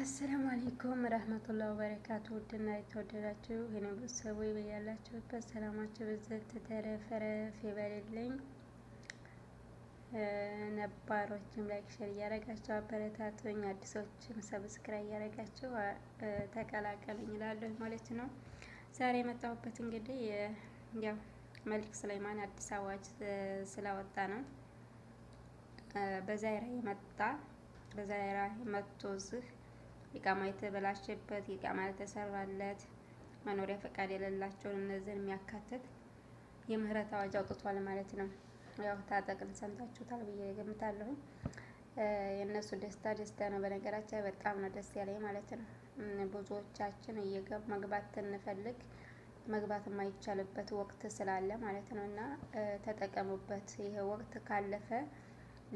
አሰላሙ አለይኩም ረህመቱላሂ ወበረካቱ። ውድና የተወደዳችሁ የነብሰቦይ በያላችሁበት ሰላማችሁ ብዘት ተረፈረፍ ይበልልኝ። ነባሮችም ላይክ፣ ሼር እያደረጋችሁ አበረታቱኝ። አዲሶችም ሰብስክራይብ እያደረጋችሁ ተቀላቀሉኝ እላለሁ ማለት ነው። ዛሬ የመጣሁበት እንግዲህ ያው መልክ ሱለይማን አዲስ አዋጅ ስላወጣ ነው። በዛይራ የመጣ በዛይራ መጥቶ እዚህ ኢቃማ የተበላሸበት፣ ኢቃማ ያልተሰራለት፣ መኖሪያ ፈቃድ የሌላቸውን እነዚህን የሚያካትት የምህረት አዋጅ አውጥቷል ማለት ነው። ያው ታጠቅን ሰምታችሁታል ብዬ ገምታለሁ። የእነሱ ደስታ ደስታ ነው። በነገራችን በጣም ነው ደስ ያለኝ ማለት ነው። ብዙዎቻችን መግባት ትንፈልግ መግባት የማይቻልበት ወቅት ስላለ ማለት ነው እና ተጠቀሙበት። ይሄ ወቅት ካለፈ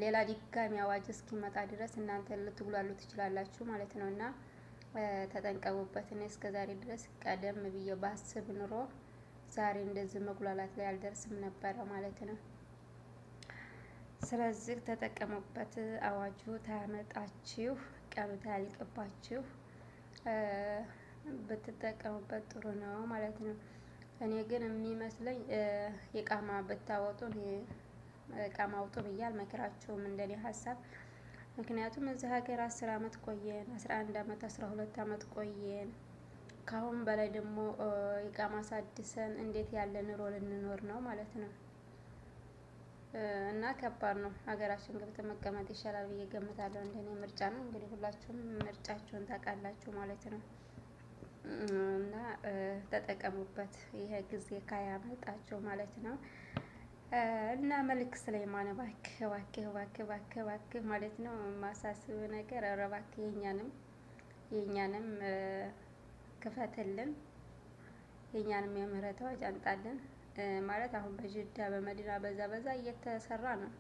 ሌላ ድጋሚ አዋጅ እስኪመጣ ድረስ እናንተ ልትጉላሉ ትችላላችሁ ማለት ነው እና ተጠንቀቡበት። እኔ እስከ ዛሬ ድረስ ቀደም ብዬ ባስብ ኑሮ ዛሬ እንደዚህ መጉላላት ላይ አልደርስም ነበረ ማለት ነው። ስለዚህ ተጠቀሙበት። አዋጁ ታመጣችሁ ቀኑት ያልቅባችሁ ብትጠቀሙበት ጥሩ ነው ማለት ነው። እኔ ግን የሚመስለኝ የቃማ ብታወጡ እቃ ማውጡ ብዬ አልመክራቸውም እንደኔ ሀሳብ። ምክንያቱም እዚህ ሀገር አስር አመት ቆየን፣ አስራ አንድ አመት፣ አስራ ሁለት አመት ቆየን። ከአሁን በላይ ደግሞ እቃ ሳድሰን እንዴት ያለ ኑሮ ልንኖር ነው ማለት ነው። እና ከባድ ነው። ሀገራችን ገብተን መቀመጥ ይሻላል ብዬ ገምታለሁ። እንደኔ ምርጫ ነው። እንግዲህ ሁላችሁም ምርጫችሁን ታውቃላችሁ ማለት ነው። እና ተጠቀሙበት። ይሄ ጊዜ ካያመልጣችሁ ማለት ነው። እና መልክ ስለይማን እባክህ እባክህ እባክህ እባክህ እባክህ ማለት ነው ማሳስብ ነገር። ኧረ እባክህ የኛንም የኛንም ክፈትልን፣ የኛንም የምህረት አዋጅ ማለት አሁን በጅዳ በመዲና በዛ በዛ እየተሰራ ነው።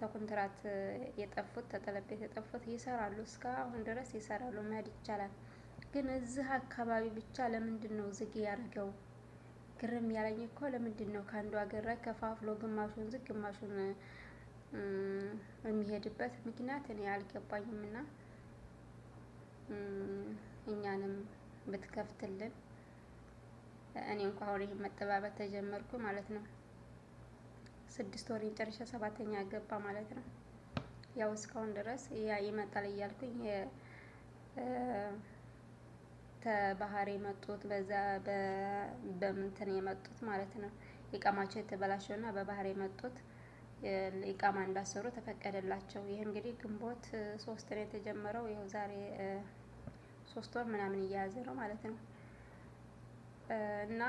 ተኩንትራት የጠፉት ተጠለቤት የጠፉት ይሰራሉ፣ እስካሁን ድረስ ይሰራሉ። መሄድ ይቻላል። ግን እዚህ አካባቢ ብቻ ለምንድን ነው ዝግ ያደረገው? ግርም ያለኝ እኮ ለምንድን ነው ከአንዱ ሀገር ላይ ከፋፍሎ ግማሹን ዝግ ግማሹን የሚሄድበት ምክንያት እኔ አልገባኝም። እና እኛንም ብትከፍትልን እኔ እንኳ አሁን ይህን መጠባበቅ ተጀመርኩ ማለት ነው። ስድስት ወር ጨርሻ ሰባተኛ ገባ ማለት ነው። ያው እስካሁን ድረስ ያ ይመጣል እያልኩኝ ከባህር የመጡት በዛ በምንትን የመጡት ማለት ነው። ኢቃማቸው የተበላሸው እና በባህር የመጡት ኢቃማ እንዳሰሩ ተፈቀደላቸው። ይህ እንግዲህ ግንቦት ሶስት ነው የተጀመረው። ይኸው ዛሬ ሶስት ወር ምናምን እየያዘ ነው ማለት ነው። እና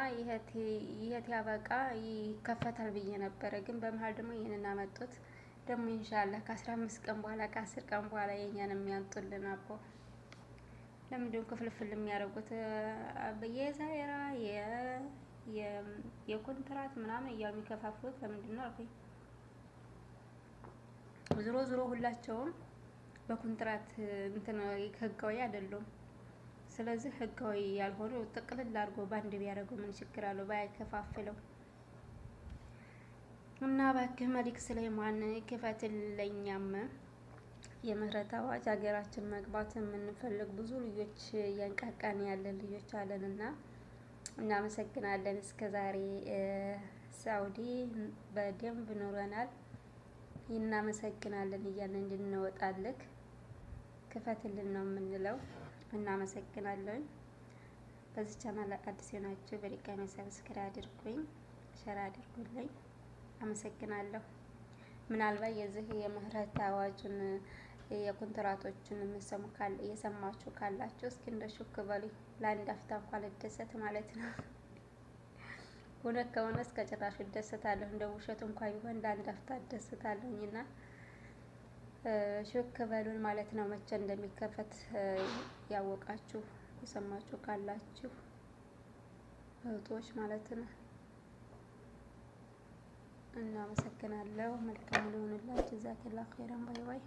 ይህት ያበቃ ይከፈታል ብዬ ነበረ፣ ግን በመሀል ደግሞ ይህንን አመጡት። ደግሞ ኢንሻላህ ከአስራ አምስት ቀን በኋላ ከአስር ቀን በኋላ የእኛን የሚያምጡልን አቦ ለምንድን ክፍልፍል የሚያደርጉት የሳይራ የኮንትራት ምናምን እያሉ የሚከፋፍሉት ለምንድን ነው አልኩኝ። ዝሮ ዝሮ ሁላቸውም በኮንትራት እንትን ህጋዊ አይደሉም። ስለዚህ ህጋዊ ያልሆኑ ጥቅልል አድርጎ ባንድ ቢያደርገው ምን ችግር አለው? ባይከፋፍለው እና እባክህ መሊክ ስለይማን ክፈትለኛም የምህረት አዋጅ ሀገራችን መግባት የምንፈልግ ብዙ ልጆች እያንቃቃን ያለን ልጆች አለን እና እናመሰግናለን። እስከ ዛሬ ሳውዲ በደንብ ኑረናል። እናመሰግናለን እያለን እንድንወጣልክ ክፈትልን ነው የምንለው። እናመሰግናለን። በዚህ ቻናል አዲስ የሆናችሁ በድጋሚ ሰብስክራይብ አድርጉኝ፣ ሸራ አድርጉልኝ። አመሰግናለሁ። ምናልባት የዚህ የምህረት አዋጁን የኮንትራቶችን የሰማችሁ ካላችሁ እስኪ እንደ ሹክ በሉ። ለአንድ አፍታ እንኳ ልደሰት ማለት ነው። እውነት ከሆነ እስከ ጭራሹ እደሰታለሁ። እንደ ውሸት እንኳ ቢሆን ለአንድ አፍታ እደሰታለሁኝ እና ሹክ በሉን ማለት ነው። መቼ እንደሚከፈት ያወቃችሁ የሰማችሁ ካላችሁ እህቶች ማለት ነው። እናመሰግናለሁ። መልካም ሊሆንላችሁ። ጀዛከላሁ ኸይረን። ባይ ባይ